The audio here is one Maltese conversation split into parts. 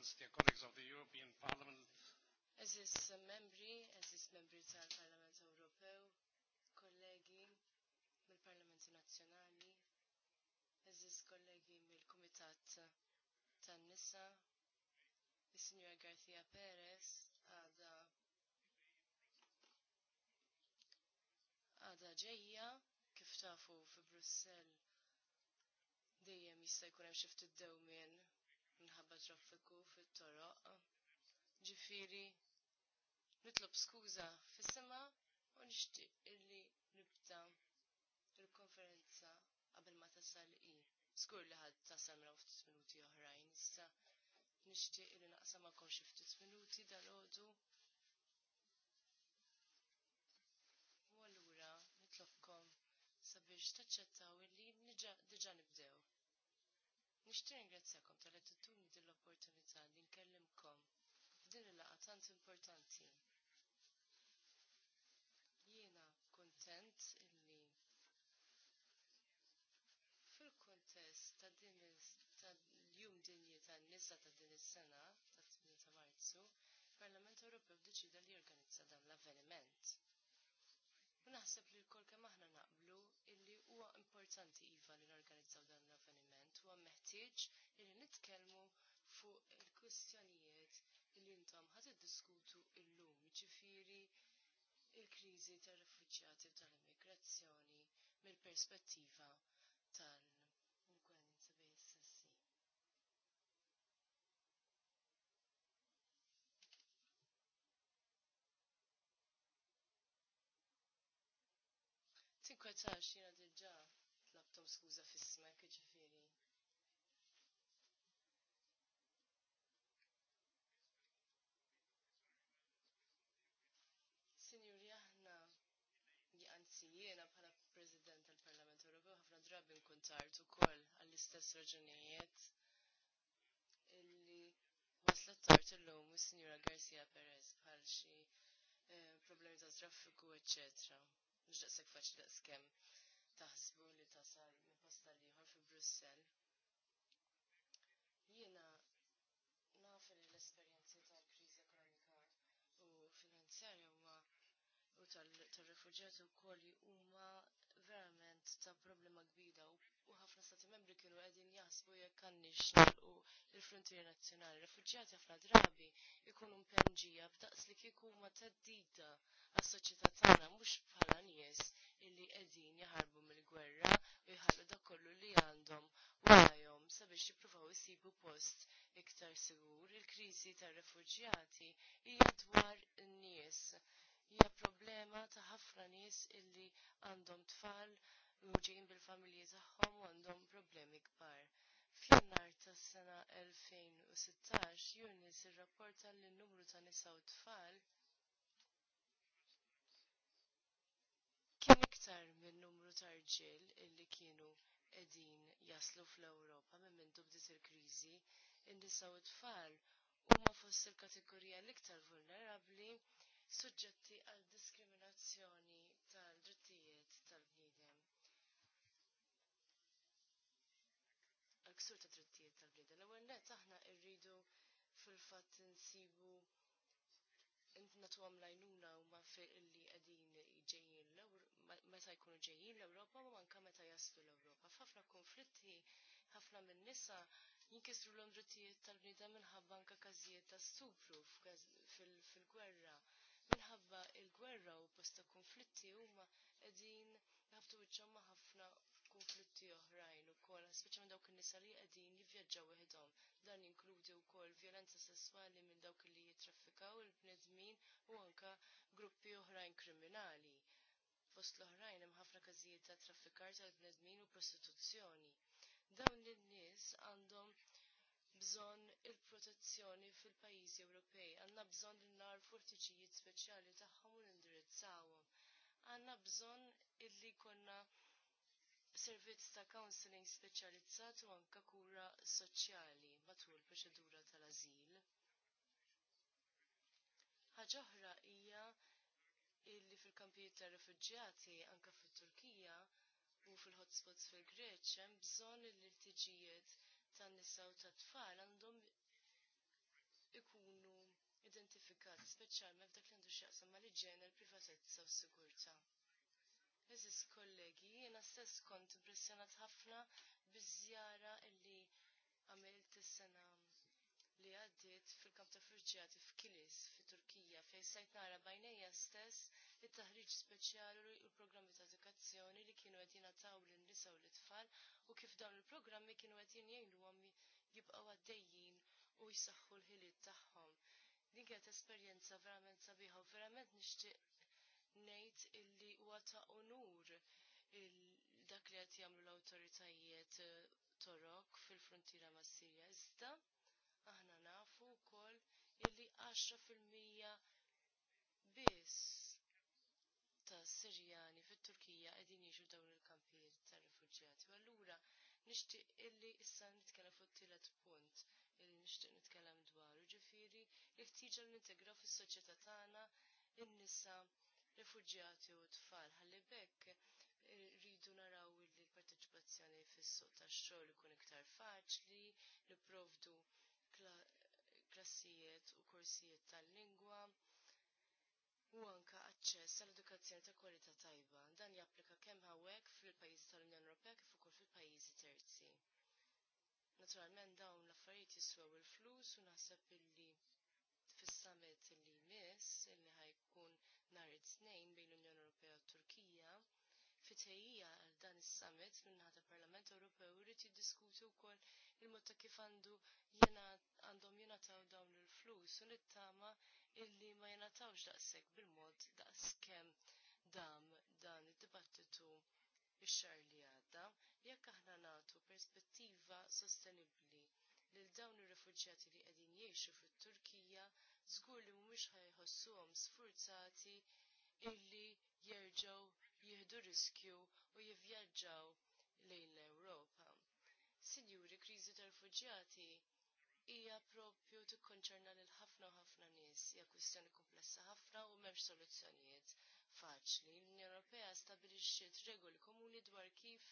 friends, dear colleagues of the European Parliament. Eżis membri, eżis membri tal-Parlament Ewropew, kollegi mill-Parlamenti Nazzjonali, eżis kollegi mill-Kumitat tan-Nisa, is-Sinjora Garcia Perez, Ada, Ada ġejja, kif tafu fi Brussell dejjem jista' jkun hemm xi ftit dewmien minħabba traffiku fit-toroq. Ġifiri, nitlob skuża fis-sema u nixtieq illi nibda il-konferenza qabel ma tasal i. Skur li ħadd tasal minn ftit minuti oħrajn issa nixtieq illi naqsam ma xi ftit minuti dal-għodu. U allura nitlobkom sabiex taċċettaw illi diġà nibdew. Nixtieq ingrazzjakom tal tuni din l-opportunità li nkellimkom f'din il laqgħa tant importanti. Jiena kuntent illi fil-kuntest ta' din tal-jum dinji tan-nisa ta' din is-sena ta' 8 ta' Marzu, parlament Ewropew deċida li jorganizza dan l-avveniment. U naħseb li l-kol kemm aħna naqblu illi huwa importanti iva li norganizzaw dan l huwa meħtieġ li nitkellmu fuq il-kwistjonijiet li intom ħad iddiskutu illum, ġifieri il-kriżi tar-refuġjati tal-immigrazzjoni mill-perspettiva tal-ungwenza bejn Tinkwetax jiena diġà tlabtom skuża fis-smek jiġifieri. jiena bħala President tal-Parlament Ewropew ħafna drabi nkun tard ukoll għall-istess raġunijiet illi waslet tard illum is-Sinjura Garcia Perez bħal xi eh, problemi ta' traffiku, eċċetera. Mhux daqshekk faċli daqskemm taħsbu li tasal minn posta ieħor fi Brussell. Jiena naf li l-esperjenzi tal-kriżi ekonomika u finanzjarja tal-refuġjati wkoll huma verament ta' problema kbira u ħafna stati membri kienu qegħdin jaħsbu jekk għandix nagħlqu il frontier nazzjonali. Refuġjati ħafna drabi ikunu mpenġija b'daqs li kieku huma teddida għas-soċjetà tagħna mhux bħala nies illi qegħdin jaħarbu mill-gwerra u jħallu dak kollu li għandhom warajhom sabiex jippruvaw isibu post iktar sigur. Il-kriżi tar-refuġjati hija dwar in-nies hija problema ta' ħafna nies illi għandhom tfal mħuġin bil-familji tagħhom u għandhom problemi kbar. fl nar tas sena 2016, Junis irrapporta li n-numru ta' nisa u tfal kien iktar minn numru ta' rġiel illi kienu qegħdin jaslu fl-Ewropa minn mintu bdiet il-kriżi, in-nisa u tfal huma fost il-kategorija l-iktar vulnerabbli suġġetti għal diskriminazzjoni tal-drittijiet tal-bniedem. Għal ksur ta' drittijiet tal-bniedem. L-ewwel net aħna rridu fil-fatt insibu natu għam lajnuna u ma fil illi għedin ġejjin meta jkunu ġejjin l-Ewropa u manka meta jaslu l-Ewropa. F'ħafna konflitti, ħafna minn nisa jinkisru l-om drittijiet tal-bniedem minħabba anke każijiet ta' stupru fil-gwerra minħabba il-gwerra u bosta konflitti huma qegħdin jaftu wiċċhom ma' ħafna konflitti oħrajn ukoll, speċjalment dawk in-nisa li qegħdin jivvjaġġaw weħidhom. Dan jinkludi wkoll vjolenza sesswali minn dawk li jitraffikaw il-bnedmin u anke gruppi oħrajn kriminali. Fost l-oħrajn hemm ħafna każijiet ta' traffikar tal-bnedmin u prostituzzjoni. Dawn in-nies għandhom bżonn il-protezzjoni fil-pajjiżi Ewropej, għandna bżonn li narfu ħtiġijiet speċjali tagħhom u nindirizzawhom. Għandna bżonn illi konna servizz ta' counseling speċjalizzat u anke kura soċjali matul proċedura tal-azil. Ħaġa oħra hija illi fil-kampijiet ta' refuġjati anke fit-Turkija u fil-hotspots fil-Greċ hemm bżonn li l-tiġijiet tan-nisa u tat-tfal għandhom ikunu identifikati speċjalment f'dak li għandu x'jaqsam ma' li l-privatezza u s-sigurtà. Eżis kollegi, jiena stess kont impressjonat ħafna biż-żjara illi għamilt is-sena li għaddiet fil-kamp ta' friġġjati f'Kilis fit-Turkija fejn sajt nara bajnejja stess it-taħriġ speċjali u l-programmi ta' edukazzjoni li kienu qed jingħataw lil nisa u l u kif dawn il-programmi kienu qed jgħinluhom jibqgħu għaddejjin u jsaħħu l-ħiliet tagħhom. Din kienet esperjenza verament sabiħa u verament nixtieq ngħid illi huwa ta' onur dak li qed jagħmlu l-awtoritajiet eh, torok fil frontira mas-Sirja iżda Aħna nafu wkoll illi 10% biss ta' Sirjani fit-Turkija qegħdin jiexu dawn il-kampijiet tar-refuġjati. U allura nixtieq illi issa nitkellem fuq tielet punt illi nixtieq nitkellem dwaru, ġifieri li ħtieġa li nintegraw fis-soċjetà tagħna in-nisa refuġjati u tfal ħalli bekk eh, rridu naraw li l-parteċipazzjoni fis-suq tax-xogħol ikun iktar faċli, nipprovdu klassijiet u korsijiet tal-lingwa u anka aċċess għall edukazzjoni ta' kwalità tajba. Dan japplika kemm hawnhekk fil-pajjiżi tal-Unjoni Ewropea kif ukoll fil-pajjiżi terzi. Naturalment dawn l-affarijiet jiswew il-flus u naħseb illi fis-summit li jmiss illi ħajkun nhar it-tnejn bejn l-Unjoni Ewropea u Turkija fit-tejjija għal dan is-summit minħata Parlament Ewropew irid jiddiskuti wkoll il-mod ta' kif għandu jena għandhom jingħataw dawn il-flus u nittama illi ma jenatawx daqshekk bil-mod daqskemm dam dan id-dibattitu ix-xar li għadda jekk aħna nagħtu perspettiva sostenibbli lil dawn ir-refuġjati li qegħdin jgħixu fit-Turkija żgur li mhumiex ħajħossuhom sfurzati illi jerġgħu jieħdu riskju u jivvjaġġaw lejn l-Ewropa. Sinjuri, kriżi tal-refuġjati hija propju tikkonċerna lil ħafna ħafna nies, hija kwistjoni komplessa ħafna u m'hemmx soluzzjonijiet faċli. L-Unjoni Ewropea stabilixxiet regoli komuni dwar kif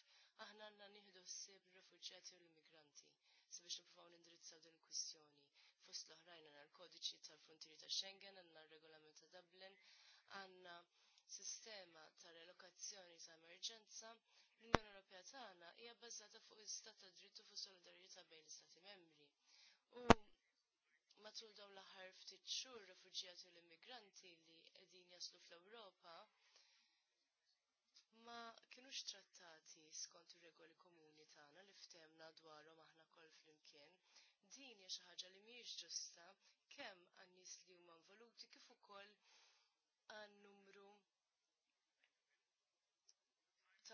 aħna għandna nieħdu ħsieb ir rifuġjati u l-immigranti sabiex nipprovaw nindirizzaw din il-kwistjoni. Fost l-oħrajn għandna l-kodiċi tal-frontieri ta' Schengen, għandna r-regolament ta' Dublin, għandna sistema ta' relokazzjoni ta' emerġenza L-Unjoni Ewropea tagħna hija bbażata fuq l-istat ta' dritt u fuq solidarjetà bejn l-istati membri. U matul dawn l-aħħar ftit xhur rifuġjati u l-immigranti li qegħdin jaslu fl-Ewropa ma kinux trattati skont ir-regoli komuni tagħna li ftemna dwarhom aħna koll flimkien. Din hija xi ħaġa li mhijiex ġusta kemm għan-nies li huma involuti kif ukoll għan numru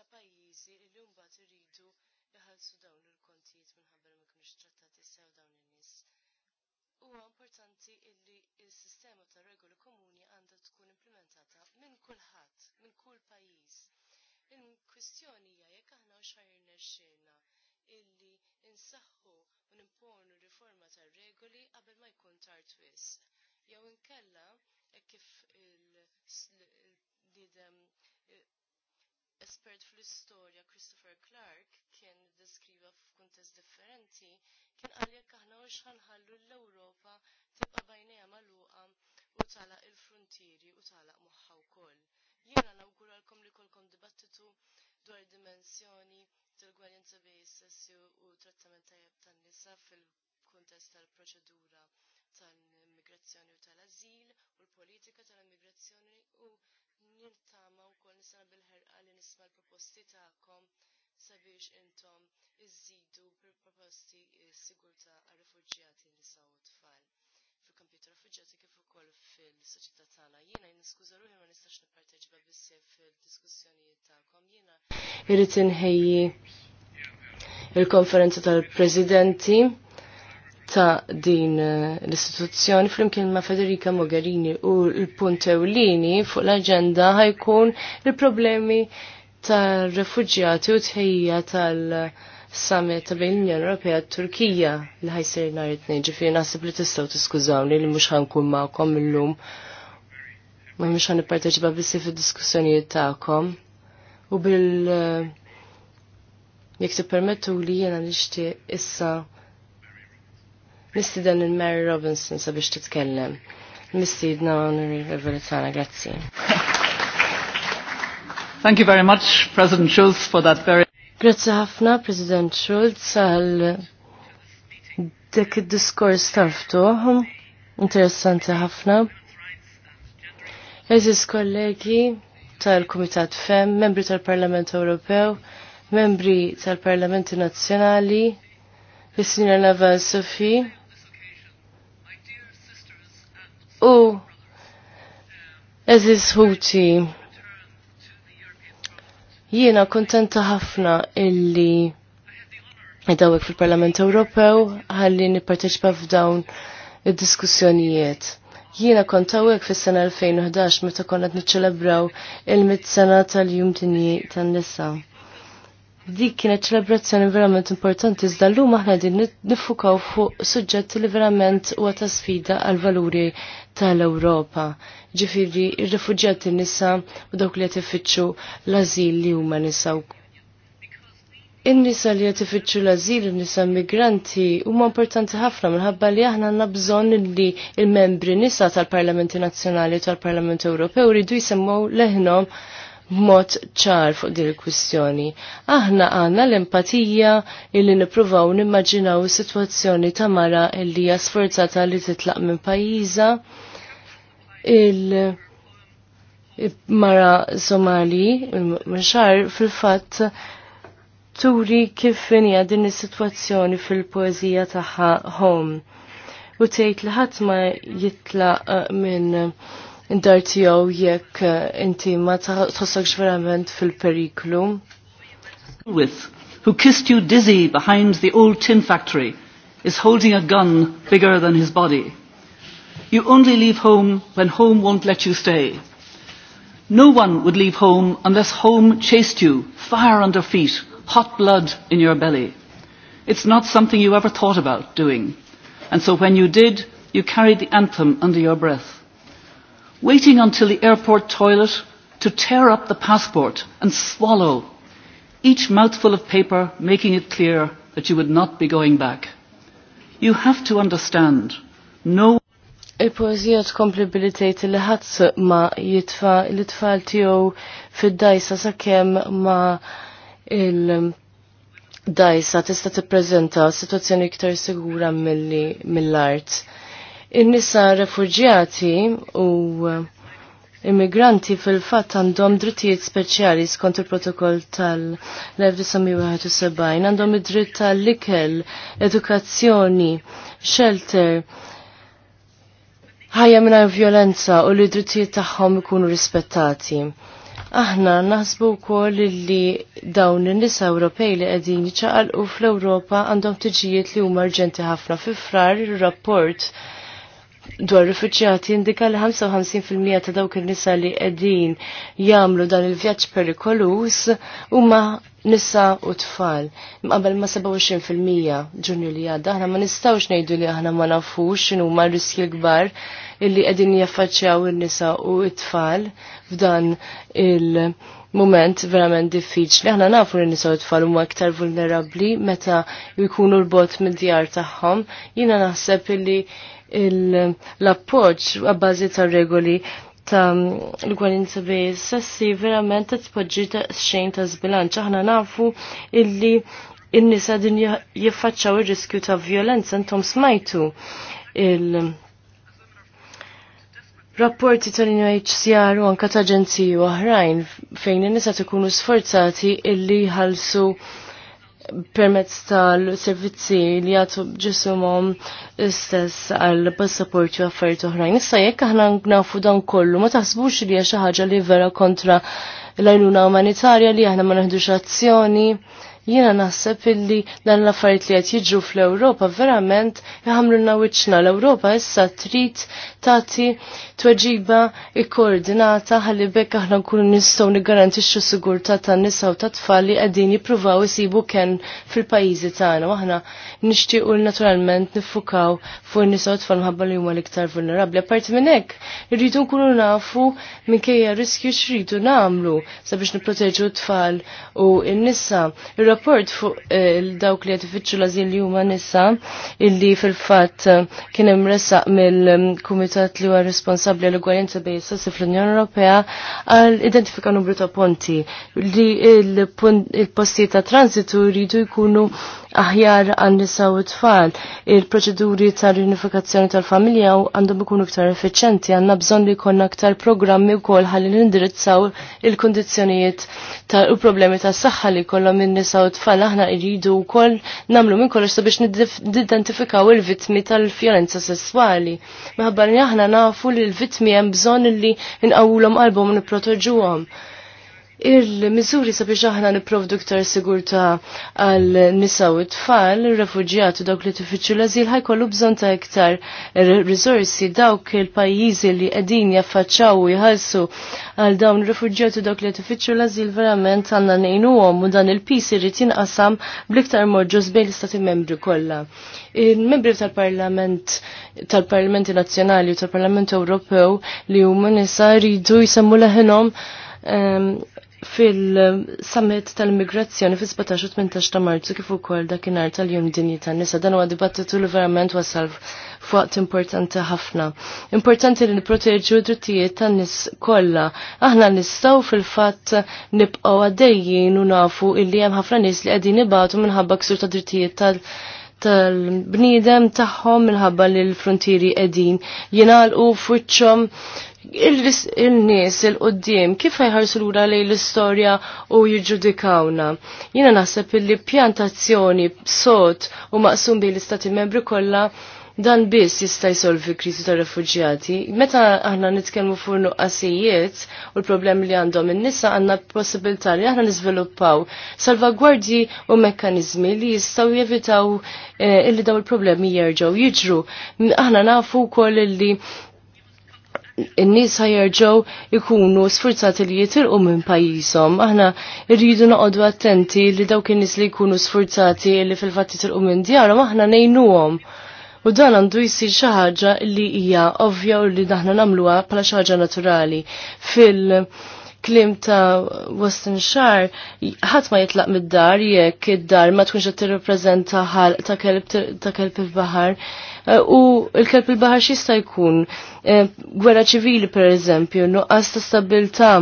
ta' pajjiżi li mbagħad iridu jħallsu dawn il-kontijiet minħabba li ma kinux trattati sew dawn in-nies. Huwa importanti illi s-sistema ta' regoli komuni għandha tkun implementata minn kulħadd, minn kull pajjiż. Il-kwistjoni hija jekk aħna xajrna xena illi insaħħu u nimponu riforma tar regoli qabel ma jkun tard twiss. Jew inkella kif il espert fl-istorja Christopher Clark kien deskriva f'kuntest differenti, kien qal jekk aħna mhux ħanħallu l-Ewropa tibqa' bajnejha magħluqa u tagħlaq il-frontieri u tagħlaq moħħa wkoll. Jiena nawguralkom li kolkom dibattitu dwar dimensjoni tal-gwaljanza bej sessi u trattament tajjeb tan-nisa fil-kuntest tal-proċedura tal-immigrazzjoni u tal-azil u l-politika tal-immigrazzjoni u nirtama wkoll nisana bil-ħerqa li nisma l-proposti tagħkom sabiex intom iżidu proposti sigurtà għar-refuġjati nisa u tfal fil-kampi ta' kif ukoll fil-soċjetà tagħna. Jiena niskuża ruħi ma nistax nipparteċipa bissej fil-diskussjonijiet tagħkom. Jiena irrid inħejji il-konferenza tal-presidenti ta' din eh, l-istituzzjoni flimkien ma' Federica Mogherini u l puntewlini fuq l-agenda ħajkun il-problemi tal-refugjati u tħejja tal- summit ta' bejn l-Unjoni Ewropea Turkija li ħajsir nhar it-tnejn ġifieri naħseb li tistgħu tiskużawni li mhux ħankun magħkom illum. Ma mhux nipparteċipa bissi fid-diskussjonijiet tagħkom. U bil eh, jekk tippermettu li jiena nixtieq issa Misti dan il-Mary Robinson sabiex titkellem. Misti Mistiedna Honorable Tana, grazzi. Thank you very much, President Schulz, for that very... Grazzi ħafna, President Schulz, għal dik id-diskors taftuħ. Interessanti ħafna. Eżis kollegi tal komitat FEM, membri tal-Parlament Ewropew, membri tal-Parlamenti Nazzjonali, is-Sinjora Naval Sofi, u eżiz ħuti. Jiena kontenta ħafna illi dawek fil-Parlament Ewropew ħalli nipparteċipa f'dawn id-diskussjonijiet. Jiena kont fis-sena 2011 meta konna niċċelebraw il-mit sena tal-jum dinji tan-nisa dik kienet ċelebrazzjoni verament importanti iżda llum aħna din nifukaw fuq suġġett li verament huwa ta' sfida għal valuri tal-Ewropa. Ġifieri ir-rifuġjati nisa u dawk li qed ifittxu l-ażil li huma nisa In-nisa li qed ifittxu l-azil, in-nisa migranti, huma importanti ħafna minħabba li aħna għandna bżonn li l-membri nisa tal-Parlamenti Nazzjonali u tal-Parlament Ewropew ridu jsemmgħu leħnhom b'mod ċar fuq din il-kwistjoni. Aħna għandna l-empatija illi nippruvaw nimmaġinaw is-sitwazzjoni ta' mara illi hija sforzata li titlaq minn pajjiża il- mara Somali, mxar fil fatt turi kif finja din is-sitwazzjoni fil-poezija tagħha home. U tgħid li ħadd ma jitlaq eh, minn indarti dar tiegħu jekk eh, inti ma tħossokx verament fil-periklu. With who kissed you dizzy behind the old tin factory is holding a gun bigger than his body. You only leave home when home won't let you stay. No one would leave home unless home chased you, fire under feet, hot blood in your belly. It's not something you ever thought about doing. And so when you did, you carried the anthem under your breath waiting until the airport toilet to tear up the passport and swallow each mouthful of paper making it clear that you would not be going back. You have to understand, no Il-poezija tkompli bilitejt li ħadd ma jitfa l itfal tiegħu fid-dajsa sakemm ma il- dajsa tista' tippreżenta sitwazzjoni iktar sigura mill-art. Mill in-nisa refuġjati u uh, immigranti fil-fatt għandhom drittijiet speċjali skont il-protokoll tal-1971 għandhom id-dritt tal-ikel, edukazzjoni, shelter, ħajja minna violenza u li drittijiet tagħhom ikunu rispettati. Aħna naħsbu wkoll li dawn in-nisa Ewropej li qegħdin jiċċaqalqu fl-Ewropa għandhom tiġijiet li huma urġenti ħafna fi frar ir-rapport dwar rifuġjati indika li 55% ta' dawk il-nisa li qegħdin jagħmlu dan il-vjaġġ perikolus huma nisa u tfal. Mqabel ma 27% ġunju li għadda, aħna ma nistgħux ngħidu li aħna ma nafux xinu ma' r gbar illi qegħdin jaffaċċjaw il nisa u t-tfal f'dan il- moment verament diffiċli. Aħna nafu li nisaw tfal huma aktar vulnerabbli meta jkunu l-bot mid-djar tagħhom. Jiena naħseb illi l appoċ għabbażi ta' regoli ta' l-gwalinza bej sessi verament t-tpoġġi ta' xejn ta' zbilanċ. Aħna nafu illi n-nisa din jiffaċċaw ir-riskju ta' violenza intom smajtu il- Rapporti tal-UNHCR u anka ta' ġenziju oħrajn fejn in-nisa tkunu sforzati illi ħalsu permezz tal-servizzi li għatu ġisumom istess għal passaport u affarijiet oħrajn. Issa jekk aħna nafu dan kollu, ma taħsbux li hija xi ħaġa li vera kontra l-għajnuna umanitarja li aħna ma neħdux azzjoni. Jiena naħseb illi dan l-affarijiet li qed jiġru fl-Ewropa verament na wiċċna l-Ewropa issa trid tagħti tweġiba il-koordinata ħalli bekk aħna nkunu nistgħu niggarantixxu sigurtà tan-nisa u tat-tfal li qegħdin jippruvaw isibu kemm fil-pajjiżi tagħna. Aħna nixtiequ naturalment niffukaw fuq in-nisa u tfal mħabba li huma l-iktar vulnerabbli. Apparti minn hekk, irridu nkunu nafu minkejja riskju x'ridu nagħmlu sabiex nipproteġu t-tfal u n-nisa. Ir-rapport fuq eh, dawk li jtifittxu l-azil li huma nisa illi fil-fatt eh, kien hemm resaq mill-Kumitat il li huwa responsabbli għall ugwaljenza bejn sassi fl-Unjoni Ewropea għal identifika numru ta' ponti li il-postijiet ta' transitu jridu jkunu aħjar għan nisa u tfal. Il-proċeduri tal-unifikazzjoni tal-familja għandhom ikunu iktar effiċenti, għanna bżon li konna aktar programmi u kol ħalli nindirizzaw il-kondizjonijiet u problemi ta' saħħa li kollom minn nisa u tfal aħna u wkoll namlu minn kollox sabiex nidentifikaw il-vitmi tal fjolenza sessuali. li aħna nafu li l-vitmi hemm bżonn li nqawulhom qalbhom u nipproteġuhom il-mizuri sabiex aħna niprovdu ktar sigurta għal nisa u tfal, refugjati dawk li tifittxu l-azil ħajkollu bżon ta' iktar risorsi dawk il-pajjiżi li qegħdin jaffaċċaw u jħallsu għal dawn refugjati dawk li tifittxu l-azil verament għandna ngħinuhom u dan il pisi irid jinqasam bl-iktar morġos bejn l-istati membri kollha. Il-membri tal-Parlament tal-Parlamenti Nazzjonali u tal-Parlament Ewropew li huma nisa jridu jsemmu leħinhom ehm, fil-summit tal-immigrazzjoni fil-17-18 ta' marzu kif ukoll dakinhar tal-jum dinji tan-nisa dan huwa dibattitu li verament wasal fuqt importanti ħafna. Importanti li nipproteġu d-drittijiet tan-nies kollha. Aħna nistgħu fil-fatt nibqgħu għaddejjin u nafu illi hemm ħafna nies li qegħdin ibatu minħabba ksur ta' drittijiet tal- tal-bnidem tagħhom minħabba li l-frontieri qegħdin jingħalqu f'wiċċhom il-nies il-qoddim kif ħajħarsu lura lej l-istorja u jiġġudikawna. Jiena naħseb illi pjantazzjoni sot u maqsum bejn l-istati membri kollha dan biss jista' jsolvi kriżi ta' refuġjati. Meta aħna nitkellmu fuq qasijiet u l-problemi li għandhom in-nisa għandna possibilità li aħna niżviluppaw salvagwardji u mekkaniżmi li jistgħu jevitaw eh, illi daw il-problemi jerġgħu jiġru. Aħna nafu wkoll illi n-nies ħajerġgħu jkunu sfurzati li jitilqu minn pajjiżhom. Aħna rridu noqogħdu attenti li dawk n nies li jkunu sfurzati li fil-fatt jitilqu minn djarhom aħna ngħinuhom. U dan għandu jisir xi ħaġa li hija ovvja u li daħna nagħmluha bħala xi ħaġa naturali fil- klim ta' Western Shar, ħadd ma jitlaq mid-dar jekk id-dar ma tkunx qed tirrappreżenta ħalq ta' kelb ta' kelb il-baħar. Eh, u l-kelb il-baħar xista jkun eh, gwerra ċivili per eżempju, nuqqas ta' stabilta'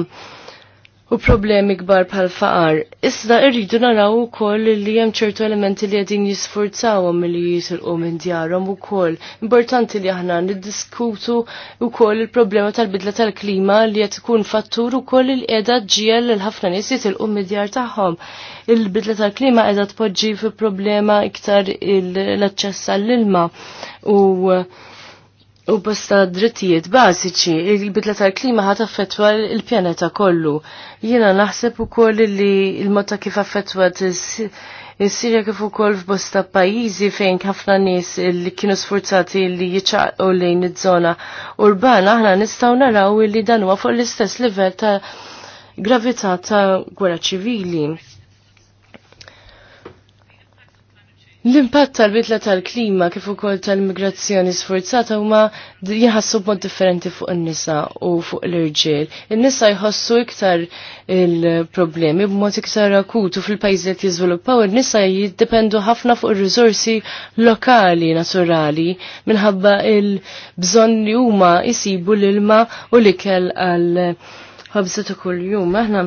u problemi kbar bħal faqar. Issa irridu naraw ukoll li hemm ċertu elementi li qegħdin jisfurzawhom li jisilqu minn djarhom ukoll. Importanti li aħna niddiskutu wkoll il-problema tal-bidla tal-klima li qed ikun fattur ukoll li edha ġiel l ħafna nies jitilqu minn djar tagħhom. Il-bidla tal-klima qiegħda tpoġġi fi problema iktar l-aċċess għall-ilma u u bosta drittijiet bażiċi il-bidla tal-klima ħat affettwa il-pjaneta kollu. Jiena naħseb ukoll li l motta kif affettwat is-Sirja kif ukoll f'bosta pajjiżi fejn ħafna nies li kienu sforzati li jiċċaqgħu lejn iż-żona urbana aħna nistgħu naraw li danu fuq l-istess livell ta' gravità ta' gwerra ċivili. L-impatt tal-bidla tal-klima kif ukoll tal-immigrazzjoni sforzata huma jħassu b'mod differenti fuq in-nisa u fuq l-irġiel. In-nisa jħossu iktar il-problemi b'mod iktar akut u fil-pajjiżiet jiżviluppaw in-nisa jiddependu ħafna fuq ir-riżorsi lokali naturali minħabba il-bżonn li huma jsibu l-ilma u l-ikel għal ħabsa ta' kuljum. Aħna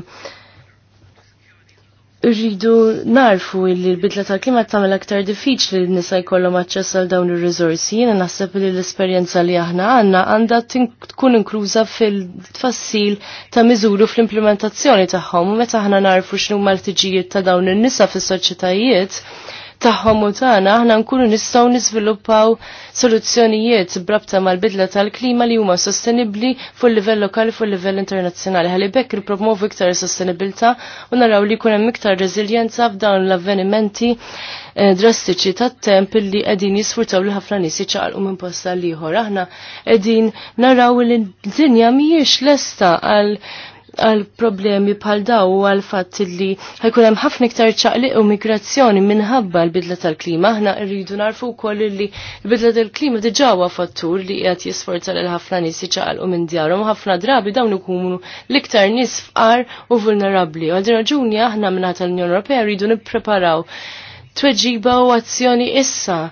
rridu narfu li l-bidla tal-klima tagħmel aktar diffiċli li nisa jkollhom aċċess għal dawn ir rizorsi Jiena naħseb li l-esperjenza li aħna għandna għandha tkun inkluża fil-tfassil ta' miżuru fl-implementazzjoni tagħhom u meta aħna narfu x'nu mal l-tiġijiet ta' dawn in-nisa fis soċetajiet taħħom u tagħna aħna nkunu nistgħu niżviluppaw soluzzjonijiet brabta mal-bidla tal-klima li huma sostenibbli fuq livell lokali fuq livell internazzjonali. Ħalli bekk nippromovu iktar sostenibilità u naraw li jkun hemm iktar reżiljenza f'dawn l-avvenimenti eh, drastiċi tat-temp li qegħdin jisfurtaw li ħafna nies jiċċaqalqu minn posta l ieħor. Aħna qegħdin naraw li d-dinja mhijiex lesta għal għal problemi bħal daw u għal fatt li ħajkun hemm ħafna iktar ċaqliq u migrazzjoni minħabba l-bidla tal-klima. Aħna rridu narfu wkoll li l-bidla tal-klima diġà huwa fattur li qed jisforza lil ħafna nies jiċaqalqu minn djarhom ħafna drabi dawn ikunu l-iktar nies fqar u vulnerabbli. Għal din raġuni aħna minn l unjoni Ewropea rridu nippreparaw tweġiba u azzjoni issa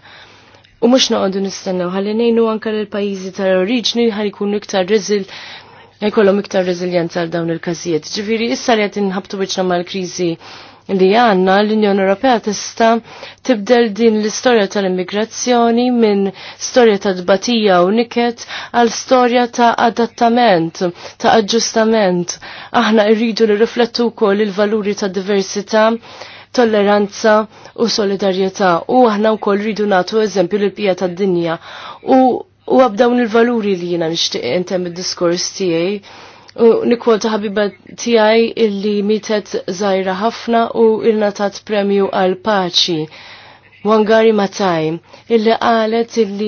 U mux noqdu nistennaw, ħalli nejnu anka l-pajizi tal-oriġni ħalli kun iktar rizil jkollhom iktar rezilienza għal dawn il-każijiet. Ġifieri issa li qed inħabtu biċna mal-kriżi li għanna l-Unjoni Ewropea tista' tibdel din l-istorja tal-immigrazzjoni minn storja ta' dbatija u niket għal storja ta' adattament, ta' aġġustament. Aħna rridu nirriflettu wkoll il-valuri ta' diversità tolleranza u solidarjetà u aħna wkoll rridu nagħtu eżempju l-pija tad-dinja u u għabdawn il-valuri li jina nishtiq intem il-diskors tijaj. Nikwota ħabiba tijaj illi mitet zaħira ħafna u il-natat premju għal paċi. Wangari Matai, illi qalet illi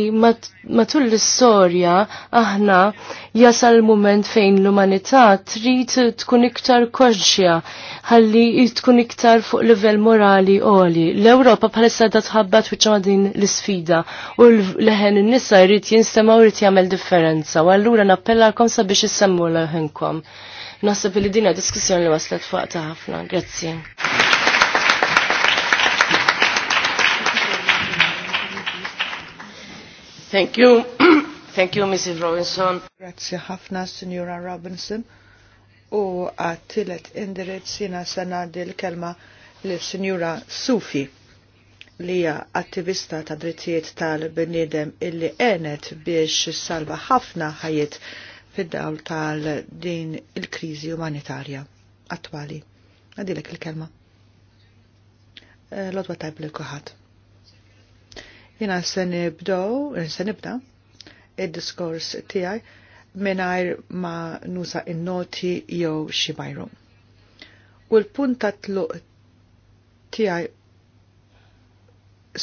matul l-istorja aħna jasal moment fejn l-umanità trid tkun iktar konxja ħalli tkun iktar fuq livell morali għoli. L-Ewropa bħalissa da tħabbat wiċċa din l-sfida u l-leħen n-nisa jrid jinstema' u jrid jagħmel differenza u allura nappellalkom sabiex issemmu leħenkom. Nasib li dina diskussjoni li waslet fuq ta' ħafna. Grazzi. Thank you. Thank you, Mrs. Robinson. Grazie ħafna, Signora Robinson. U għattilet indirizz jina sena dil-kelma l-Signora Sufi li hija attivista ta' drittijiet tal-bniedem illi għenet biex salva ħafna ħajiet fid-dawl tal-din il-kriżi umanitarja attwali. Għadilek il-kelma. Eh, lodwa tajb l-kuħat. Jena se nibdow, eh, se nibda, id-diskors tijaj minajr ma nusa in-noti jew xi U l-punt ta' tluq tijaj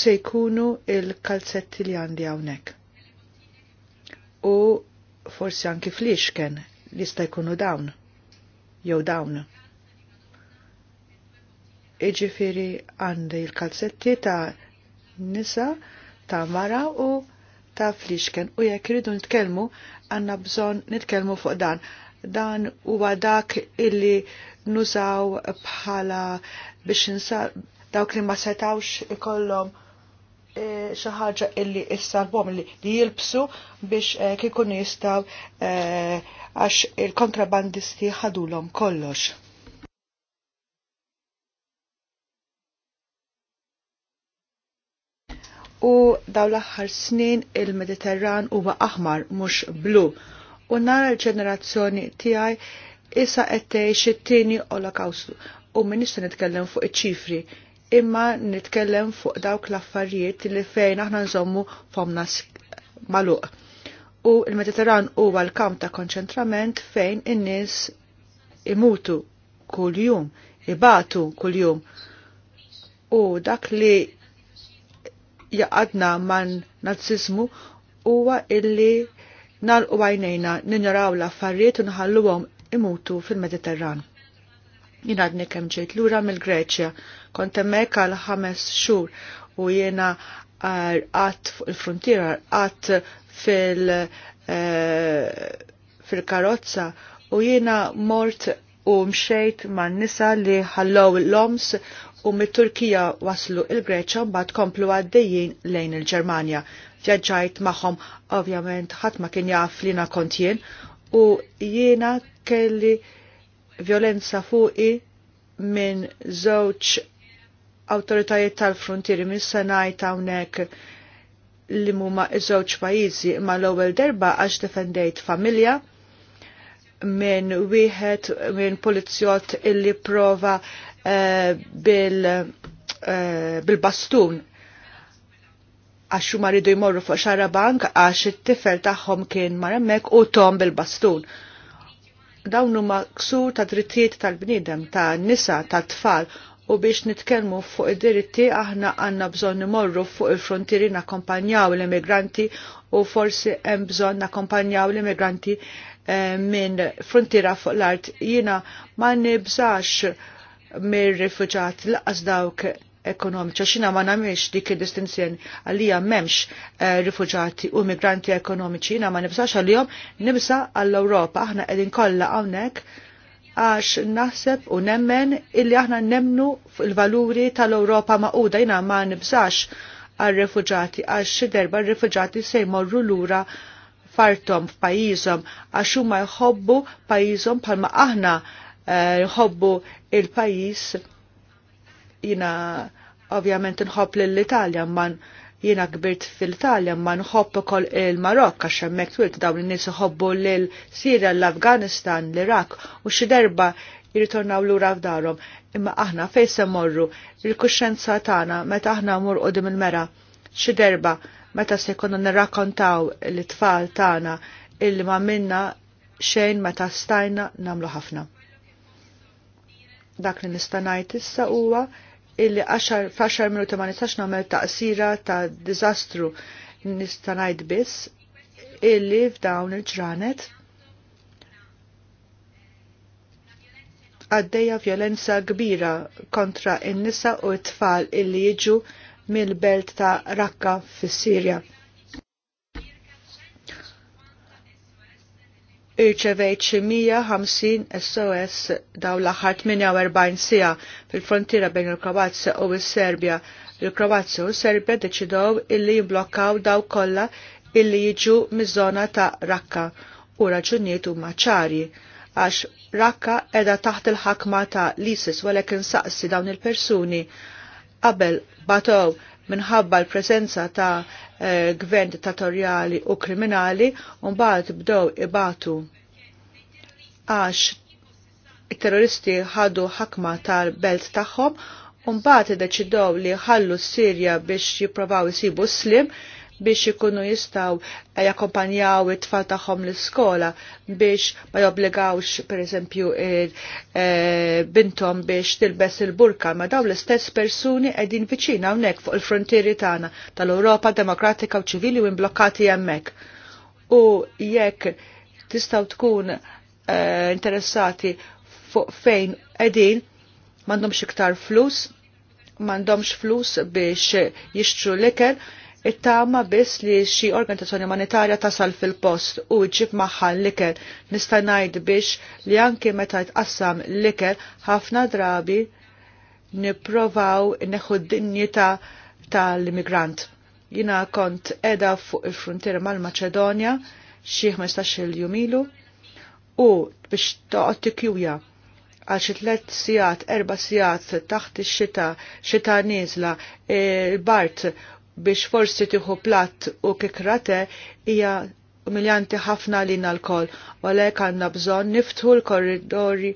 se jkunu il-kalzetti li għandi hawnhekk. U forsi anki fliexken li sta jkunu dawn, jew dawn. Iġifiri għandi il-kalzetti ta' nisa' ta' mara u ta' flixken. u jekk rridu nitkellmu għandna bżonn nitkellmu fuq dan. Dan huwa dak illi nużaw bħala biex insar dawk li ma setawx ikollhom eh, xi ħaġa illi issarbhom li jilbsu biex e, eh, kikunu eh, għax il-kontrabandisti ħadulhom kollox. u daw l-aħħar snin il-Mediterran huwa aħmar mhux blu u nara l-ġenerazzjoni tiegħi issa qed tgħix it-tieni olokawstu u min nitkellem fuq iċ-ċifri imma nitkellem fuq dawk l-affarijiet li fejn aħna nżommu fomna maluq. U il-Mediterran huwa l-kamp ta' konċentrament fejn in-nies imutu kuljum, ibatu kuljum. U dak li jaqadna man nazzizmu huwa illi nalqu għajnejna ninjoraw l-affarijiet u nħalluhom imutu fil-Mediterran. Jina kem ġejt lura mill-Greċja, kont hemmhekk għal ħames xhur u jiena qatt fuq il-frontiera, qatt fil- eh, fil-karozza u jiena mort u mxejt man nisa li ħallow l-oms u mit-Turkija waslu il-Greċa mbagħad komplu għaddejjin lejn il-Ġermanja. Vjaġġajt magħhom ovvjament ħadd ma kien jaf li na kont jien u jiena kelli violenza fuqi minn żewġ awtoritajiet tal-frontieri minn sanajt hawnhekk li huma żewġ pajjiżi imma l-ewwel derba għax defendejt familja minn wieħed minn polizzjott illi prova Eh, eh, bil-bastun għax huma rridu jmorru fuq xara bank għax it-tifel tagħhom kien maremmek u tom bil-bastun. Dawn huma ksur ta' drittijiet tal-bniedem, ta' nisa, ta' tfal u biex nitkellmu fuq id-diritti aħna għandna bżonn imorru fuq il-frontieri nakkompanjaw l-immigranti u forsi hemm bżonn nakkompanjaw l-immigranti eh, minn frontiera fuq l-art. Jiena ma nibżax mir-rifuġat laqas dawk ekonomiċi, xina ma namiex dik il-distinzjoni għalija memx eh, rifuġati u migranti ekonomiċi, jina ma nibsax għal-jom, nibsa għall-Europa, aħna edin kolla għawnek, għax naħseb u nemmen illi aħna nemnu il-valuri tal-Europa uda, jina ma nibsax għal-rifuġati, għax xiderba il-rifuġati se jmorru l-ura fartom f'pajizom, għax huma jħobbu pajizom palma aħna jħobbu eh, il-pajis jina ovvjament nħobb l-Italja man jina kbirt fil-Italja ma nħobb ukoll il-Marokk għax hemmhekk twilt dawn in-nies iħobbu l Sirja, l-Afganistan, l-Irak u xi derba jirritornaw lura f'darhom. Imma aħna fejn se morru il-kuxenza tagħna meta aħna mur qudiem il-mera xi derba meta se jkunu nirrakkontaw l-tfal tagħna il ma minna xejn meta stajna nagħmlu ħafna. Dak li nista' ngħid issa huwa illi f'għaxar minuti ma nistax nagħmel taqsira ta' diżastru nista' ngħid biss illi f'dawn il-ġranet għaddejja vjolenza kbira kontra in-nisa u t-tfal illi jiġu mill-belt ta' Rakka fis-Sirja. irċevejt xi 150 SOS daw l-aħħar 48 sija fil-frontiera bejn il-Kroazja u s-Serbja. Il-Kroazja u s-Serbja deċidow illi jimblokkaw daw kollha illi jiġu miż-żona ta' Rakka u raġunietu huma ċari għax Rakka edha taħt il-ħakma ta' l-ISIS walekin saqsi dawn il-persuni qabel batow minħabba l-prezenza ta' eh, gvern dittatorjali u kriminali mbagħad bdew ibatu għax terroristi ħadu ħakma tal-belt tagħhom u mbagħad iddeċidew li ħallu s-Sirja biex jipprovaw jisibu slim biex ikunu jistaw jakkompanjaw it-tfal tagħhom l-iskola biex ma jobbligawx pereżempju eh, bintom biex tilbes il-burka ma daw l-istess persuni qegħdin viċin hawnhekk fuq il-frontieri tagħna tal-Ewropa Demokratika u Ċivili u imblokkati hemmhekk. U jekk tistaw tkun eh, interessati fuq fejn qegħdin m'għandhomx iktar flus, mandomx flus biex jixtru l ikel it-tama biss li xi organizzazzjoni monetarja tasal fil-post u ġib maħħa l-ikel nista' ngħid biex li anki meta jtqassam l-ikel ħafna drabi nipprovaw neħu d-dinjità tal-immigrant. Jina kont edha fuq il-frontiera mal-Maċedonja xi 15-il jumilu u biex toqgħod tikjuja għal xi tliet sigħat, erba' sigħat taħt ix-xita, xita nieżla, il-Bart biex forsi tiħu platt u kikrate hija umiljanti ħafna li nalkol, u għalek għanna bżon niftħu l-korridori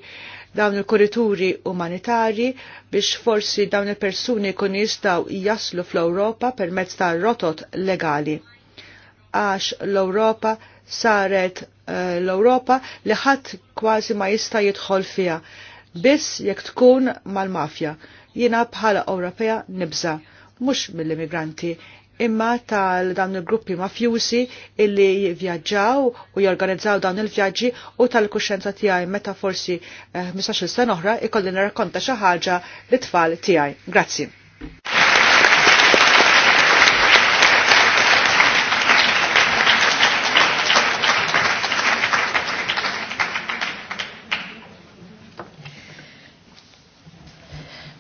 dawn il-korrituri umanitari biex forsi dawn il-persuni kun jistaw jaslu fl-Europa permezz ta' rotot legali. Għax l-Europa saret eh, l-Europa li ħadd kważi ma jista' jidħol fija. Biss jekk tkun mal-mafja. Jiena bħala Ewropea nibża' mhux mill-immigranti imma tal dawn il-gruppi mafjusi illi vjaġġaw u jorganizzaw dawn il-vjaġġi u tal-kuxenza tiegħi meta forsi 15 eh, sena oħra ikolli nirrakkonta xi ħaġa li tfal tiegħi. Grazzi.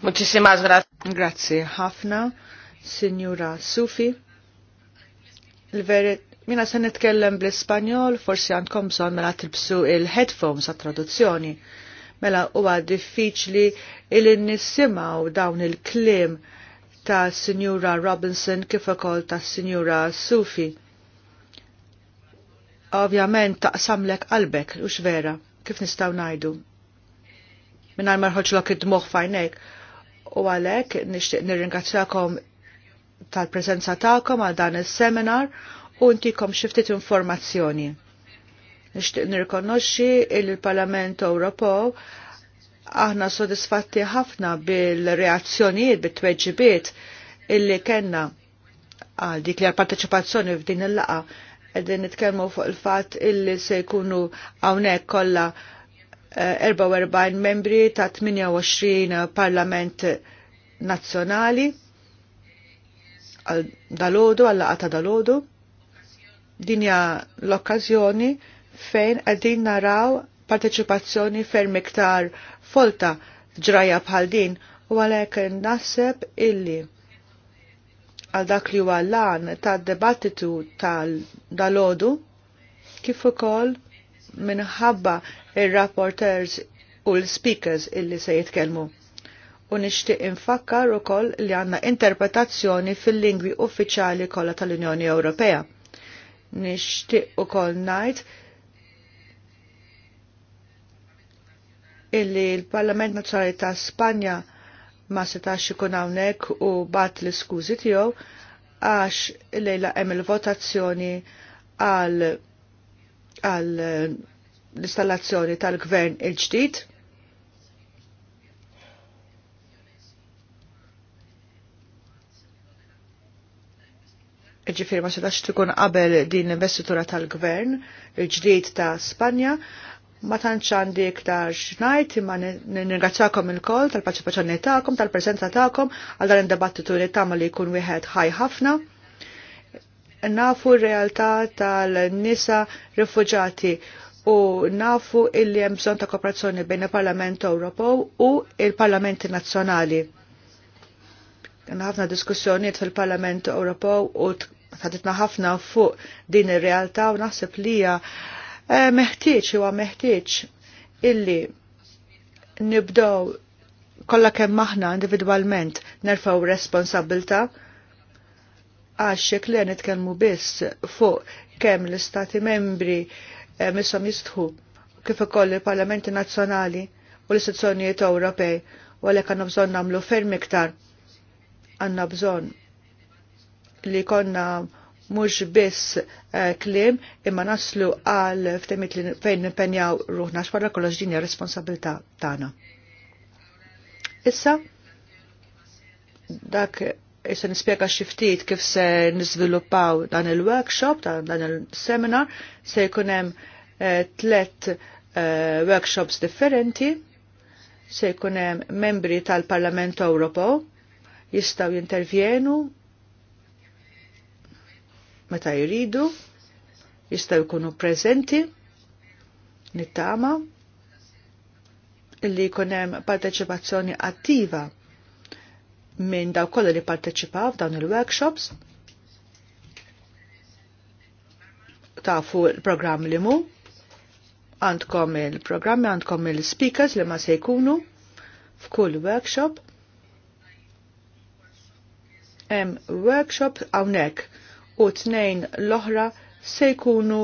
Muchísimas gracias. Grazzi ħafna, Signora Sufi. il verit mina se nitkellem bl-Ispanjol, forsi għandkom bżonn mela tribsu il-headphones għat traduzzjoni. Mela huwa diffiċli il nissimaw dawn il-klim ta' Signora Robinson kif ukoll ta' Signora Sufi. Ovvjament taqsamlek qalbek, u vera, kif nistgħu ngħidu. Minna marħoġlok id-dmoħ fajnek u għalek nishtiq nirringrazzjakom tal-prezenza ta'kom għal dan il-seminar u ntikom xiftit informazzjoni. Nishtiq nirkonnoxxi il-Parlament Ewropew aħna sodisfatti ħafna bil-reazzjonijiet, bit-tweġibiet illi kenna għal dik li għal parteċipazzjoni f'din il-laqa. Għedin nitkelmu fuq il-fat illi se jkunu għawnek kolla 44 membri ta' 28 parlament nazzjonali dalodu, għall dal dalodu. Dinja l-okkazjoni fejn għedin naraw parteċipazzjoni ferm miktar folta ġraja bħal din u għalek nasseb illi għal dak li huwa lan tad-debattitu tal-dalodu kif ukoll minħabba il-rapporters u l-speakers illi se jitkellmu. U nixtieq infakkar ukoll li għandna interpretazzjoni fil-lingwi uffiċjali kollha tal-Unjoni Ewropea. Nixtieq ukoll ngħid illi l-Parlament Nazzjonali ta' Spanja ma setax ikun hawnhekk u bat l-iskużi tiegħu għax lejla hemm il-votazzjoni għal għal l-installazzjoni tal-gvern il-ġdid. Ġifir ma setax tkun qabel din l investitura tal-gvern il-ġdid ta' Spanja, ma tantx għandi iktar xnajt imma nirgazzakom il-kol tal-paċipaċjoni tagħkom, tal-preżenza tagħkom għal dan id-dibattitu li tagħmel li jkun wieħed ħaj ħafna nafu r-realtà tal-nisa rifuġati u nafu illi hemm bżonn ta' kooperazzjoni bejn il-Parlament Ewropew u il-Parlamenti Nazzjonali. Ħafna diskussjonijiet fil-Parlament Ewropew u ħaditna ħafna fuq din ir-realtà u naħseb li hija eh, meħtieġ huwa meħtieġ illi nibdow kollha kemm aħna individwalment nerfaw responsabilta' għax le nitkellmu biss fuq kemm l-Istati membri eh, missom jistħu kif ukoll il-Parlamenti Nazzjonali u l-istituzzjonijiet Ewropej u għalhekk għandna bżonn nagħmlu ferm iktar għandna bżonn li konna mhux biss eh, kliem imma naslu għal ftemit li fejn nimpenjaw ruħna x'barra kollox din hija responsabilità tagħna. Issa dak se nispjega xi ftit kif se niżviluppaw dan il-workshop, dan il-seminar, se jkun hemm eh, tlet eh, workshops differenti, se jkun hemm membri tal-Parlament Ewropew jistgħu jintervjenu meta jridu, jistgħu jkunu preżenti nittama illi jkun hemm parteċipazzjoni attiva minn daw kollha li parteċipaw f'dawn il-workshops tafu il-programm li mu, għandkom il-programmi, għandkom il-speakers li ma se jkunu f'kull workshop. Hemm workshop hawnhekk u tnejn l-oħra se jkunu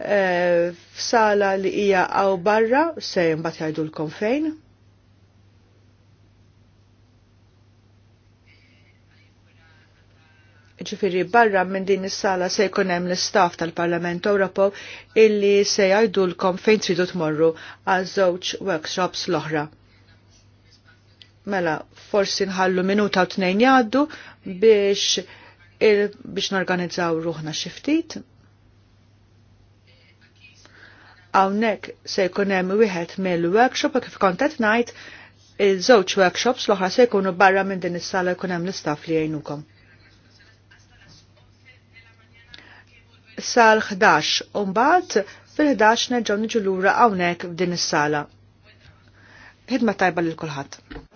eh, f'sala li hija għaw barra se mbagħad jgħidulkom fejn. ġifiri barra minn din is-sala se jkun hemm l-istaff tal-Parlament Ewropew illi se jgħidulkom fejn tridu tmorru għal żewġ workshops l-oħra. Mela, forsi nħallu minuta u tnejn jgħaddu biex biex norganizzaw ruħna xi ftit. Hawnhekk se jkun hemm wieħed mill-workshop kif kont qed ngħid, il-żewġ workshops l-oħra se jkunu barra minn din is-sala jkun hemm l-istaff li jgħinukom. sal-11 u fil-11 neġaw niġu lura għawnek f'din is-sala. Hidma tajba lil kulħadd.